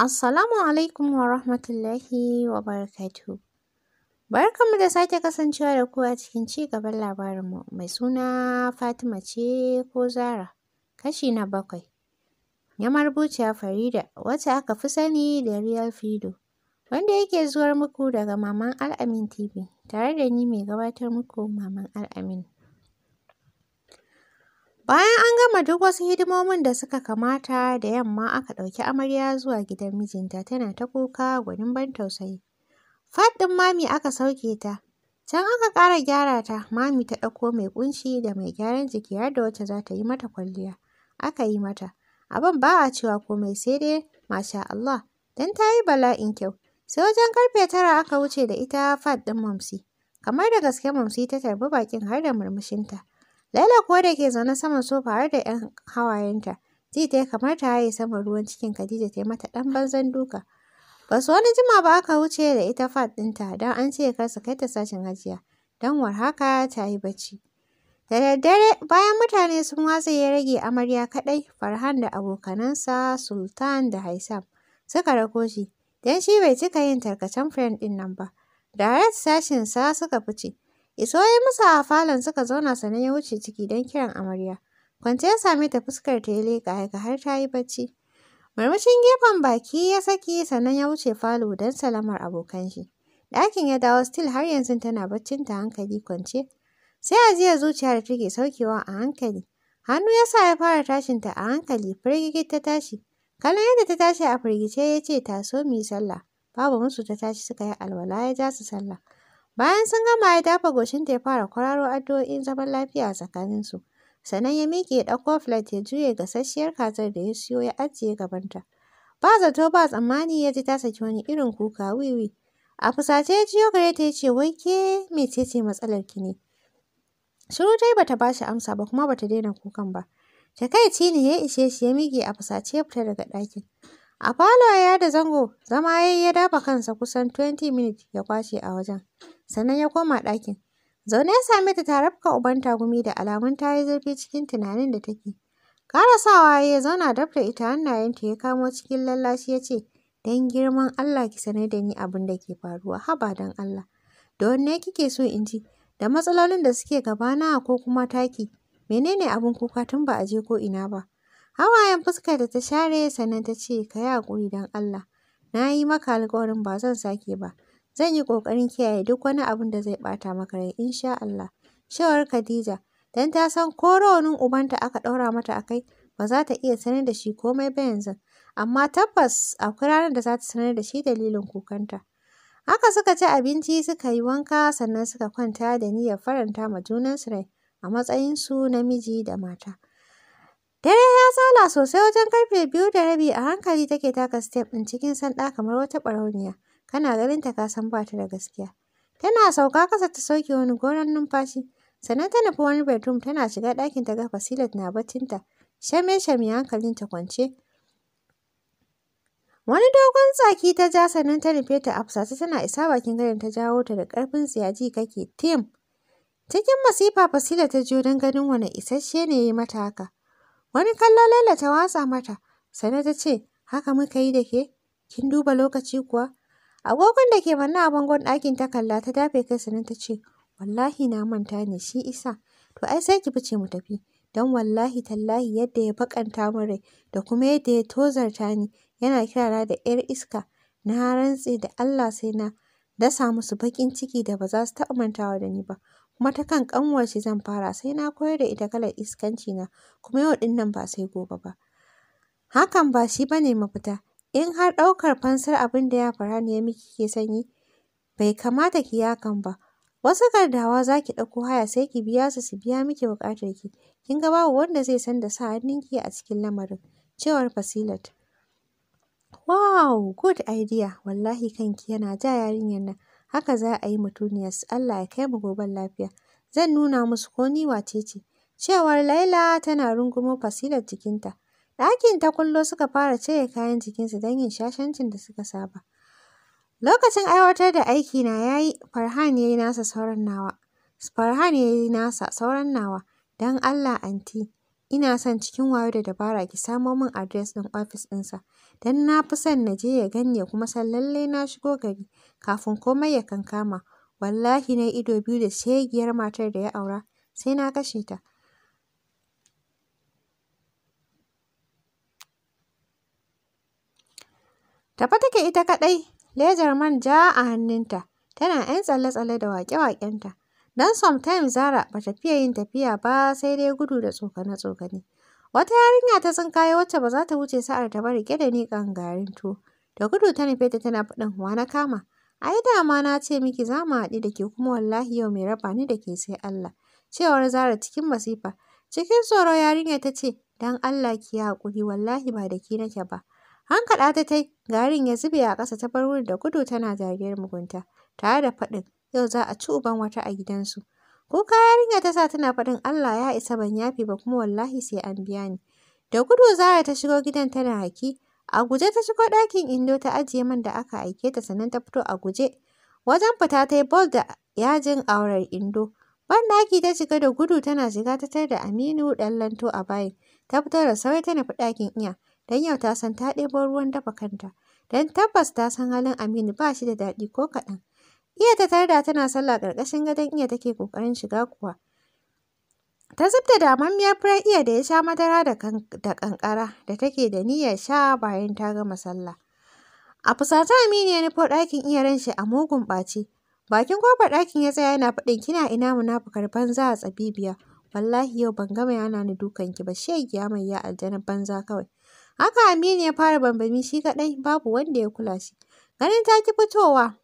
Assalamu alaikum wa rahmatullahi wa barakatuhu. Barkanmu da sake kasancewa da ku a cikin ci gaban labarinmu mai suna Fatima ce ko Zara, kashi na bakwai. Ya fari Farida wacce aka fi sani da Real Fido, wanda yake zuwar muku daga Maman Al'amin TV tare da ni mai gabatar muku Maman Al'amin. Bayan an gama duk wasu hidimomin da suka kamata, da yamma aka ɗauki amarya zuwa gidan mijinta tana ta kuka gwanin ban tausayi. Fat ɗin mami aka sauke ta, can aka ƙara gyara ta, mami ta ɗauko mai ƙunshi da mai gyaran jiki har da wacce za ta yi mata kwalliya. Aka yi mata, abin ba a cewa komai sai dai masha Allah, don ta yi bala'in kyau. Sai wajen karfe tara aka wuce da ita Fat ɗin Mamsi. Kamar da gaske Mamsi ta tarbi baƙin har da murmushinta. Laila kuwa da ke zaune saman sofa har da 'yan hawayenta, ji ta kamar ta haye saman ruwan cikin Khadija ta yi mata ɗan banzan duka. Ba su wani jima ba aka wuce da ita fat ɗinta don an ce kar su kai ta sashin hajiya, don war haka ta yi bacci. Da daddare bayan mutane sun watsa ya rage amarya kaɗai, Farhan da abokanansa Sultan da Haisam suka rako shi, don shi bai cika yin tarkacen friend ɗin nan ba. Da sashinsa suka fice. Iso ya musa a falon suka zauna sannan ya wuce ciki don kiran amarya. Kwance ya same ta fuskar ta ya leƙa haka har ta yi bacci. Marmashin gefen baki ya saki sannan ya wuce falo don salamar abokan shi. Ɗakin ya dawo still har yanzu tana baccin ta hankali kwance. Sai ajiyar zuciya da take saukewa a hankali. Hannu ya sa ya fara tashin ta a hankali firgigit ta tashi. Kallon yadda ta tashi a firgice ya ce ta so mu yi sallah. Babu musu ta tashi suka yi alwala ya ja su sallah. Bayan sun gama ya dafa goshin goshinta ya fara kwararo addu'o'in zaman lafiya a tsakaninsu. Sannan ya miƙe ya ɗauko filet ya juye gasasshiyar kazar da ya siyo ya ajiye gabanta. Ba zato ba tsammani ya ji ta saki wani irin kuka wiwi. A fusace ya jiyo gare ta ya ce wai ke matsalar ki ne? Shiru dai bata ba shi amsa ba kuma bata daina kukan ba. Takaici ne ya ishe shi ya miƙe a fusace ya fita daga ɗakin. A falo ya da zango zama ya ya dafa kansa kusan 20 minutes ya kwashe a wajen. sannan ya koma ɗakin. Zaune ya same ta ta rafka uban tagumi da alamun ta yi zurfi cikin tunanin da take. Karasawa ya zauna dab da ita hannayenta ya kamo cikin lallashi ya ce, Don girman Allah ki sanar da ni abin da ke faruwa, haba don Allah. Da wanne kike so in ji, da matsalolin da suke gabana ko kuma taki, menene abin kuka tun ba a je ko ina ba. Hawayen fuskar da ta share sannan ta ce, Ka yi haƙuri don Allah, na yi maka alƙawarin ba zan sake ba. Zan yi ƙoƙarin kiyaye duk wani abin da zai ɓata maka rai insha Allah. shawar Khadija, dan ta san ko rawanin ubanta aka ɗaura mata a kai, ba za ta iya sanar da shi komai ba yanzu. Amma tabbas akwai ranar da za ta sanar da shi dalilin kukanta. Haka suka ci abinci suka yi wanka sannan suka kwanta da niyyar faranta ma junansu rai a matsayinsu na miji da mata. Dare ya tsala sosai wajen karfe biyu da rabi a hankali take taka step ɗin cikin sanda kamar wata ɓarauniya. Kana ta ka san ba ta da gaskiya. Tana sauka kasa ta sauke wani goron numfashi. Sannan ta nufi wani bedroom tana shiga ɗakin ta ga Fasilat na baccinta. Shame-shame ta kwance. Wani dogon tsaki ta ja sannan ta nufe ta ta tana isa bakin gadon ta jawo ta da ƙarfin tsiyaji kake tim. Cikin masifa Fasila ta jiyo don ganin wani isasshe ne ya mata haka. Wani kallo Laila ta watsa mata sannan ta ce, haka muka yi da ke? Kin duba lokaci kuwa? Agogon da ke manna a bangon ɗakin ta kalla ta dafe kai sannan ta ce, Wallahi na manta ne shi isa. To ai sai ki fice mu tafi. Don wallahi tallahi yadda ya bakanta min rai da kuma yadda ya tozarta ni yana kirana da 'yar iska. Na rantse da Allah sai na dasa musu baƙin ciki da ba za su taɓa mantawa da ni ba. Kuma ta kan kanwar shi zan fara sai na koyar da ita kalar iskanci na kuma yau ɗinnan ba sai gobe ba. Hakan ba shi bane mafita. In har ɗaukar fansar abin da ya faru ne miki ke sanyi, bai kamata ki yakan ba. Wasu gardawa za ki ɗauko haya sai ki biya su su biya miki ki, Kin ga babu wanda zai san da sa hannunki a cikin lamarin, cewar Fasilat. Wow! Good idea! Wallahi kanki yana ja yarinyar nan. Haka za a yi mutuniyarsu. Allah ya kai mu goben lafiya. Zan nuna musu ko ni wace ce. Cewar Laila tana rungumo Fasilat jikinta. Ɗakin ta kullo suka fara cire kayan jikinsu don yin shashancin da suka saba. Lokacin aiwatar da aikina ya yi, Farhan ya yi nasa sauran nawa. Farhan ya yi nasa sauran nawa. Don Allah anti, ina son cikin wayo da dabara ki samo min adres ɗin ofis ɗinsa. Don na fi son na je ya gani kuma san lallai na shigo gari kafin komai ya kankama. Wallahi na ido biyu da shegiyar matar da ya aura, sai na kashe ta. Tafe take ita kaɗai, Lejar man ja a hannunta, tana 'yan tsalle-tsalle da waƙe-waƙenta. Don sometimes Zara ba ta fiye yin tafiya ba sai dai gudu da tsokane-tsokane. Wata yarinya ta tsinkaye wacce ba za ta wuce sa'ar ta ba riƙe da niƙan garin tuwo. Da gudu ta nufe ta tana faɗin wa na kama. Ai dama na ce miki za mu haɗu da ke kuma wallahi yau mai raba ni da ke sai Allah. Cewar Zara cikin masifa. Cikin tsoro yarinya ta ce, don Allah ki yi haƙuri wallahi ba da ki nake ba. Hankaɗa ta tai, garin ya zube a ƙasa ta bar wurin da gudu tana dariyar mugunta, tare da faɗin, yau za a ci uban wata a gidansu. Kuka yarinya ta sa tana faɗin Allah ya isa ban yafi ba kuma wallahi sai an biya ni. Da gudu Zara ta shigo gidan tana haki, a guje ta shigo ɗakin Indo ta ajiye man da aka aike ta sannan ta fito a guje. Wajen fita ta yi bol da yajin aurar Indo. Banɗaki ta shiga da gudu tana shiga ta tar da Aminu ɗan lanto a bayin. Ta fito da sauri ta fi ɗakin iya. don yau ta san ta ɗebo ruwan dafa kanta, don tabbas ta san halin Aminu ba shi da daɗi ko kaɗan. Iya ta tarda tana sallah ƙarƙashin gadon iya take ƙoƙarin shiga kuwa. Ta zubta damammiyar furar iya da ya sha madara da ƙanƙara da take da niyyar sha bayan ta gama sallah. A fusata Aminu ya nufo ɗakin iya ran shi a mugun ɓaci. Bakin kofar ɗakin ya tsaya yana faɗin kina ina munafukar banza a tsabibiya. Wallahi yau ban gama yana ni dukan ki ba shegiya mai ya aljanar banza kawai. Haka Aminu ya fara bambami shi kaɗai babu wanda ya kula shi. Ganin ta ki fitowa,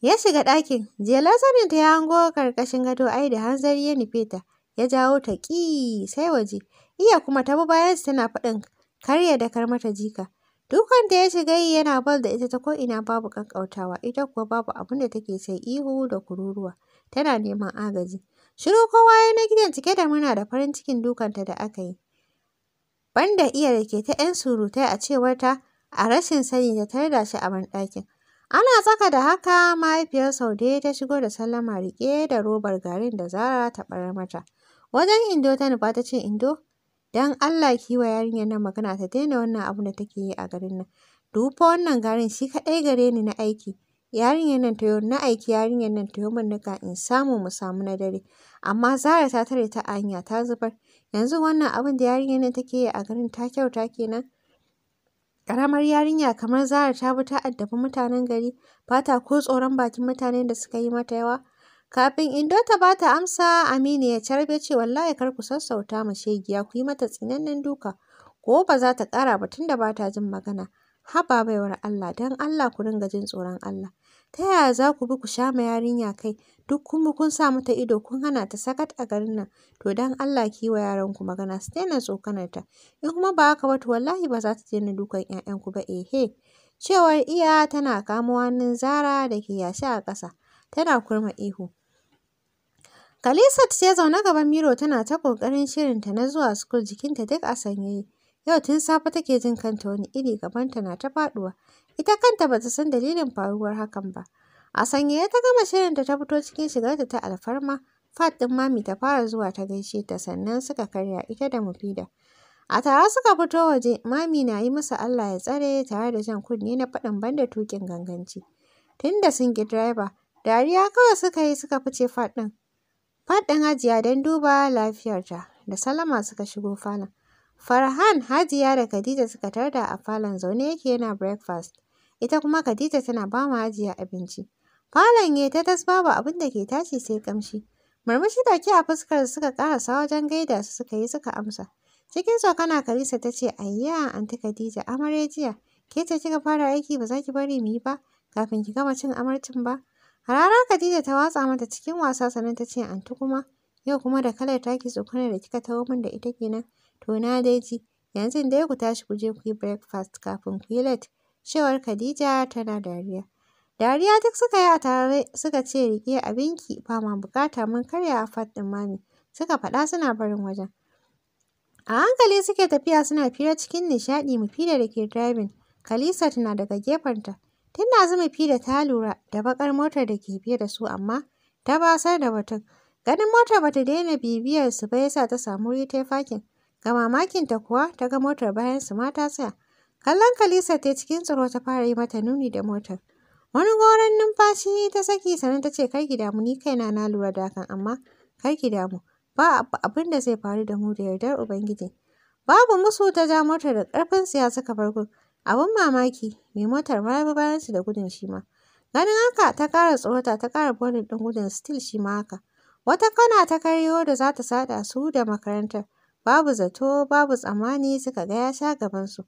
ya shiga ɗakin. lasarin ta ya hango ƙarƙashin gado ai da hanzari ya nufe ta. Ya jawo ta ƙi sai waje. Iya kuma ta bi bayansa tana faɗin karya da kar mata jika. Dukanta ya shiga yi yana bal da ita ta ko'ina babu ƙanƙautawa, ita kuwa babu abun da take sai ihu da kururuwa, tana neman agaji. Shiru kowa ya na gidan cike da muna da farin cikin dukanta da aka yi. banda iya da ke ta 'yan surutai a cewar ta, a rashin sani ta tarda shi a banɗakin. Ana tsaka da haka mahaifiyar Saude ta shigo da sallama riƙe da robar garin da Zara ta ɓarar mata. Wajen Indo ta nufa ta ce Indo, don Allah ki wa yarinyar nan magana ta daina wannan abu da take yi a garin nan. Dufa wannan garin shi kaɗai gare ni na aiki. Yarinyar nan ta na aiki yarinyar nan ta yi min nika in samu mu samu na dare. Amma Zara ta tare ta anya ta zubar. Yanzu wannan abin da yarinyar nan take yi a garin ta kyauta kenan. Ƙaramar yarinya kamar Zara ta bi ta addabi mutanen gari, ba ta ko tsoron bakin mutanen da suka yi mata yawa. Kafin Indo ta ba ta amsa, Aminu ya carbe ce wallahi kar ku sassauta ma shegiya ku yi mata tsinannen duka, ko ba za ta ƙara ba tunda ba ta jin magana. Haba baiwar Allah, don Allah ku dinga jin tsoron Allah. Ta yaya za ku bi ku sha ma yarinya kai, duk kun kun sa mata ido kun hana ta sakat a garin nan. To don Allah ki yi wa yaranku magana su daina tsokanar ta. In kuma ba haka ba to wallahi ba za ta daina dukan ku ba ehe. Cewar iya tana kamo hannun Zara da ke yashi a ƙasa, tana kurma ihu. Kalisat ce zaune gaban miro tana ta ƙoƙarin shirinta na zuwa sukul jikinta duk a sanyi. Yau tun safe take jin kanta wani iri gabanta na ta faɗuwa. Ita kanta bata san dalilin faruwar hakan ba. A sanye ta gama shirinta ta fito cikin shigarta ta alfarma. Fat ɗin mami ta fara zuwa ta gaishe ta sannan suka karya ita da Mufida. A tare suka fito waje, mami na yi masa Allah ya tsare tare da jan kunne na faɗin banda tuƙin ganganci. Tunda sun ki direba, dariya kawai suka yi suka fice fat ɗin. Fat ɗin ajiya don duba lafiyarta da Salama suka shigo falon. Farhan, Hajiya da Khadija suka tarda a falon zaune yake yana breakfast, ita kuma Khadija tana ba mu Hajiya abinci. Falon ya ta tas babu abin da ke tashi sai kamshi. Murmushi da ke a fuskar suka karasa wajen gaida su suka yi suka amsa. Cikin tsokana Karisa ta ce, Ayya, Anti Khadija, amare jiya, ke ce kika fara aiki ba za ki bari mu yi ba, kafin ki gama cin amarcin ba. Harara Khadija ta watsa mata cikin wasa sannan ta ce, Anti kuma, yau kuma da kalar taki tsokanar da kika tawo min da ita kenan. To na dai ji, yanzu dai ku tashi ku je ku yi breakfast kafin ku yi late, cewar Khadija tana dariya. Dariya duk suka yi a tare suka ce riƙe abinki ba ma buƙata mun karya a fat din mami, suka faɗa suna barin wajen. A hankali suke tafiya suna fira cikin nishaɗi fira da ke driving, Khalisa tana daga gefenta. Tun zama fira ta lura da bakar motar da ke biye da su amma ta basar da batun. Ganin motar bata daina bibiyar su ba yasa ta samu wuri ta fakin. Ga mamakin ta kuwa ta ga motar bayansu ma ta tsaya. Kallon Kalisa ta cikin tsoro ta fara yi mata nuni da motar. Wani goron numfashi ta saki sannan ta ce kar ki damu ni kaina na lura da hakan amma kar ki damu ba abin da zai faru da mu da yardar Ubangiji. Babu musu ta ja motar da karfin ya suka farko. Abin mamaki mai motar ma ya bayan bayansu da gudun shi ma. Ganin haka ta ƙara tsorota ta kara bonin ɗin gudun stil shi ma haka. Wata kana ta karyo da za ta sada su da makarantar. Babu zato, babu tsammani suka ga ya sha gabansu.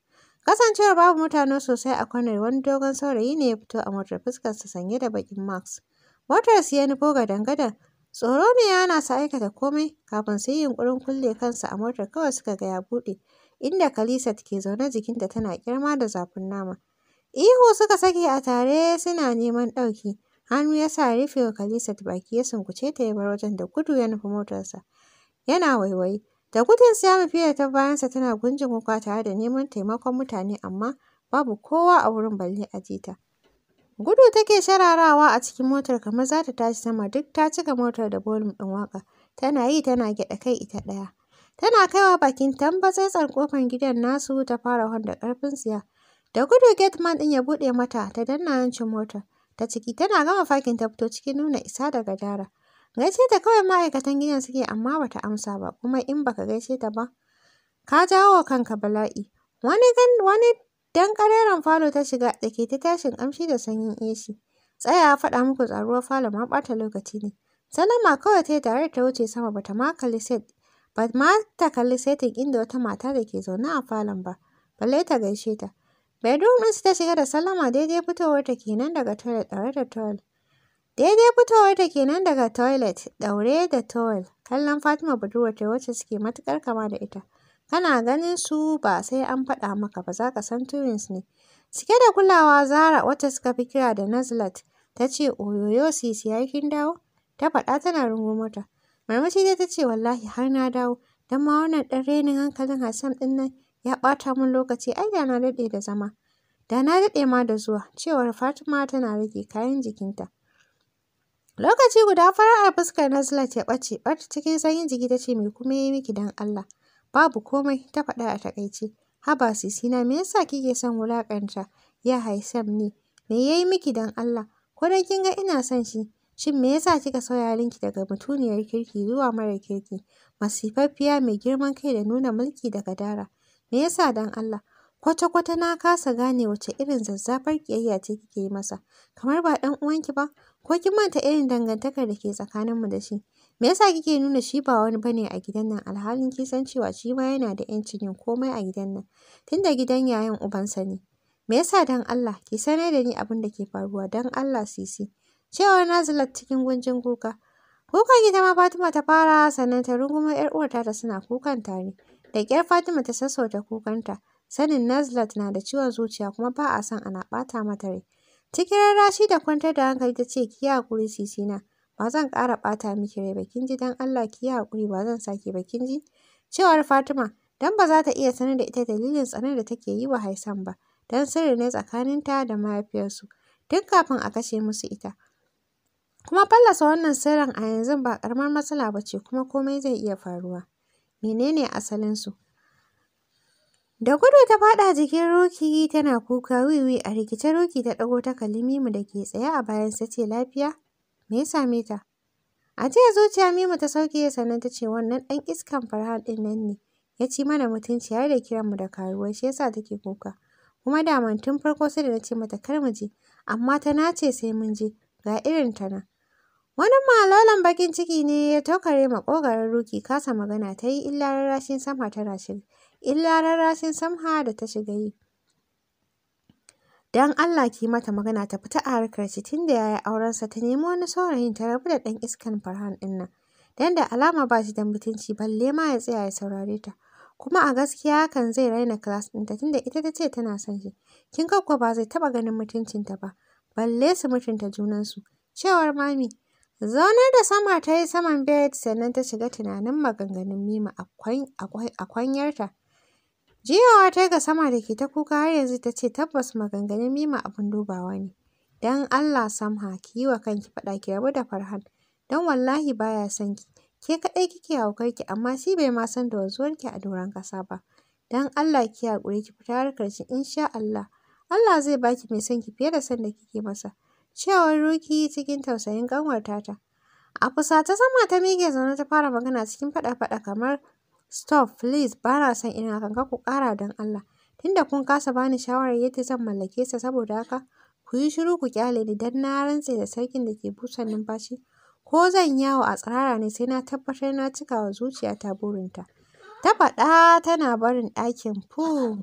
Kasancewar babu mutane sosai a kwanar wani dogon saurayi ne ya fito a motar fuskarsa sanye da bakin mask. Motar su ya nufo gadan-gadan. Tsoro ne yana sa aikata komai kafin su yi yunƙurin kulle kansa, a motar kawai suka ga ya buɗe. Inda Khalisat ke zaune jikinta tana girma da zafin nama. Ihu suka sake a tare suna neman ɗauki. Hannu ya sa rufe wa Khalisat baki ya sunkuce ta ya bar wajen da gudu ya nufi motarsa. Yana waiwaye. Da gudun Siyama Fiye ta bayansa tana gunjin wuƙa tare da neman taimakon mutane amma babu kowa a wurin balle a ji Gudu take shararawa a cikin motar kamar za ta tashi sama duk ta cika motar da bolum ɗin waƙa. Tana yi tana gyaɗa kai ita ɗaya. Tana kaiwa bakin tambatsatsar ƙofar gidan nasu ta fara hon da ƙarfin siya. Da gudu gate man ɗin ya buɗe mata ta danna 'yancin motar. Ta ciki tana gama fakin ta fito cikin nuna isa da gadara. Gaishe ta kawai ma'aikatan gidan suke amma bata amsa ba, kuma in baka gaishe ta ba, ka jawo wa kanka bala'i. Wani danƙareren falo ta shiga da ke ta tashin kamshi da sanyin AC. Tsayawa faɗa muku tsaruwar falo ma ɓata lokaci ne. Salama kawai ta yi tare ta wuce sama ba ta kalli setin inda wata mata da ke zaune a falon ba, balle ta gaishe ta. Bedroom su ta shiga da Salama daidai fitowar ta kenan daga toilet tare da towel. Daidai fitowar ke kenan daga toilet ɗaure da towel, kallon Fatima budurwar ta wacce suke matuƙar kama da ita. Kana ganin su ba sai an faɗa maka ba za ka san twins ne. Cike da kulawa Zara wacce suka fi kira da Nazlat ta ce oyoyo sisi ya kin dawo? Ta faɗa tana rungumota. Marmaci dai ta ce wallahi har na dawo don ma wannan ɗan renin hankalin Hassan ɗin nan ya ɓata min lokaci ai da na daɗe da zama. Da na daɗe ma da zuwa cewar Fatima tana rage kayan jikinta. Lokaci guda fara'ar fuskar Nazlat ya ɓace, ɓarta cikin sanyin jiki ta ce me kuma ya yi miki don Allah. Babu komai ta faɗa a taƙaice. Haba sisina me yasa kike son wulaƙanta? Ya haisam ne. Me ya yi miki don Allah? Ko dai kin ga ina son shi? Shin me yasa kika sauya linki daga mutuniyar kirki zuwa mara kirki? Masifaffiya mai girman kai da nuna mulki da gadara. Me yasa don Allah? kwata-kwata na kasa gane wace irin zazzafar kiyayya ce kike yi masa, kamar ba ɗan uwanki ba, ko kin manta irin dangantakar da ke tsakanin mu da shi. Me yasa kike nuna shi ba wani bane a gidan nan alhalin kin san cewa shi ma yana da ƴancin yin komai a gidan nan, tunda gidan yayan ubansa ne. Me yasa dan Allah ki sanar da ni abin da ke faruwa dan Allah Sisi. cewa na Nazilat cikin gunjin kuka. Kukan ta ma Fatima ta fara sannan ta rungumar ‘yar uwarta da suna kukan tare. Da ƙyar Fatima ta sassauta kukanta. Sanin Nazlat na da ciwon zuciya kuma ba a son ana ɓata mata rai. Cikin rarrashi da kwantar da hankali ta ce ki yi haƙuri Sisina, ba zan ƙara ɓata miki rai ba kin ji don Allah ki yi haƙuri ba zan sake ba kin ji. Cewar Fatima dan ba za ta iya sanar da ita dalilin tsanar da take yi wa Haisan ba don sirri ne tsakaninta da mahaifiyarsu duk kafin a kashe musu ita. Kuma fallasa wannan sirrin a yanzu ba ƙaramar matsala ba ce kuma komai zai iya faruwa. Menene asalinsu? Da gudu ta faɗa jikin Roki tana kuka wiwi a rikice Roki ta ɗago ta kalli Mimu da ke tsaye a bayansa ce lafiya? Me ya same ta? A jiya zuciya Mimu ta sauke sannan ta ce wannan ɗan iskan Farhan ɗin nan ne. Ya ci mana mutunci har da kiran mu da karuwa shi yasa take kuka. Kuma man tun farko sai da na ce mata kar mu je amma ta nace sai mun je ga irin ta nan. Wani malolon bakin ciki ne ya taukare maƙogwaron Ruki kasa magana ta yi illa rarrashin Samha da ta shiga yi. Don Allah ki mata magana ta fita a harkar shi tun da ya yi aurensa ta nemi wani saurayin ta rabu da ɗan iskan Farhan ɗin nan. Don da alama ba shi da mutunci balle ma ya tsaya ya saurare ta. Kuma a gaskiya hakan zai raina class ɗinta tunda ita ta ce tana son shi. Kin ga ba zai taɓa ganin mutuncinta ba. Balle su mutunta junansu. Cewar Mami. Zaunar da Sama ta yi saman bed sannan ta shiga tunanin maganganun Mima a kwanyarta. Jiyawa ta ga Sama da ke ta kuka har yanzu ta ce tabbas maganganun Mima abin dubawa ne. Don Allah Samha ki yi wa kanki faɗa ki rabu da Farhan, don wallahi baya ya son ki. Ke kaɗai kike haukar ki, amma shi bai ma san da wanzuwar ki a doron ƙasa ba. Don Allah ki haƙuri ki fita harkar shi in Allah. Allah zai baki mai son ki fiye da son da kike masa. cewar Ruki cikin tausayin ƙanwarta tata. A ta sama ta miƙe zaune ta fara magana cikin faɗa-faɗa kamar Stop, please, ba na son ina kan ku ƙara don Allah. Tunda kun kasa bani shawarar yadda zan mallake sa saboda haka ku yi shiru ku kyale ni dan na rantse da sarkin da ke busan numfashi. Ko zan yawo a tsirara ne sai na tabbatar na cika wa ta burinta. Ta faɗa tana barin ɗakin fu.